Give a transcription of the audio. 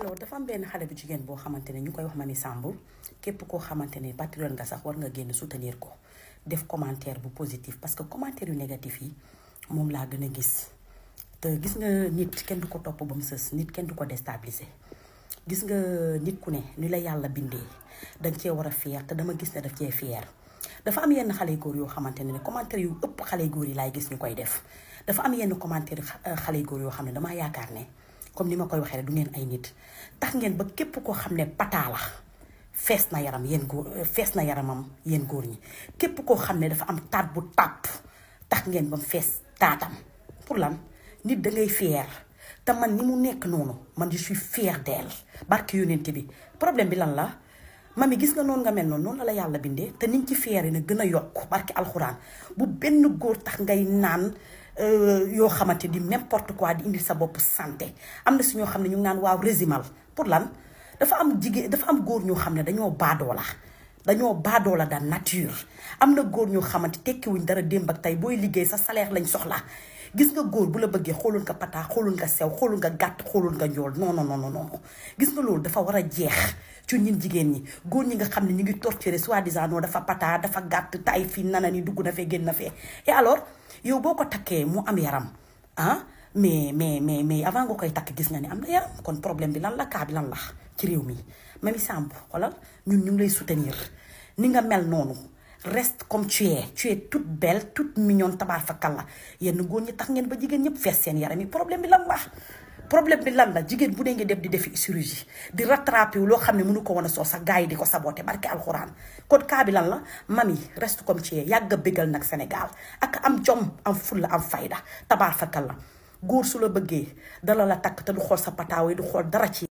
alors dafa am benn xale bu jigéen boo xamante ne ñu koy wax ma ni Samb képp koo xamante ne patriote nga sax war nga génn soutenir ko def commentaire bu positif parce que commentaire yu négatif yi moom laa gën a gis te gis nga nit kenn du ko topp ba sës nit kenn du ko déstabiliser gis nga nit ku ne ni la yàlla bindee dañ cee war a fier te dama gis ne daf cee fier dafa am yenn xale góor yoo xamante ne commentaire yu ëpp xale góor yi lay gis ñu koy def am yenn commentaire xale yoo xam ne damaa yaakaar ne. comme ni ma koy waxee rek du ngeen ay nit tax ngeen ba képp koo xam ne pataa fees na yaram yéen góor fees na yaramam yéen góor ñi képp koo xam ne dafa am taat bu tàpp tax ngeen ba mu fees taatam pour lan nit dangay ngay te man ni mu nekk noonu man je suis fier d'elle barke yonent bi problème bi lan la mami gis nga noonu nga mel noonu noonu la la yàlla bindee te nit ci fier yi na gën a yokk barke alxuraan bu benn góor tax ngay naan Euh, yoo xamante di n'importe quoi di indi sa bopp santé am na si ñoo xam ne ñu ngi naan waaw résimal pour lan dafa am jigéen dafa am góor ñoo xam ne dañoo baadoola dañoo baadoola da nature am na góor ñoo xamante tekkiwuñ dara démb ak tey booy liggéey sa salaire lañ soxla gis nga góor bu la bëggee xoolul nga pataa xoolul nga sew xoolul nga gàtt xoolul nga ñool non non non non gis nga loolu dafa war a jeex ci ñun jigéen ñi góor ñi nga xam ne ñu ngi torturer soi-disant non dafa pataa dafa gàtt tay fii nana ni dugg na fee génn na fee et alors yow boo ko takkee mu am yaram ah mais mais mais mais avant nga koy takk gis nga ne am na yaram kon problème bi lan la kaa bi lan la ci réew mi Mamy Samb xoolal ñun ñu ngi lay soutenir ni nga mel noonu reste comme tu es tout es toute belle toute mignonne tabaar fakal la yenn góor ñi tax ngeen ba jigéen ñëpp fees seen yaram yi problème bi lan la problème bi lan la jigéen bu dee ngi dem di defi chirurgie di rattrapé wu loo xam ne mënu ko woon a soo sa gars yi di ko saboté barke alxuraan kon cas bi lan la mami reste comme ci yàgg a bégal nag Sénégal ak am jom am la am fayda tabaar fakkal la góor su la bëggee dala la takk te du xool sa pataaw yi du xool dara ci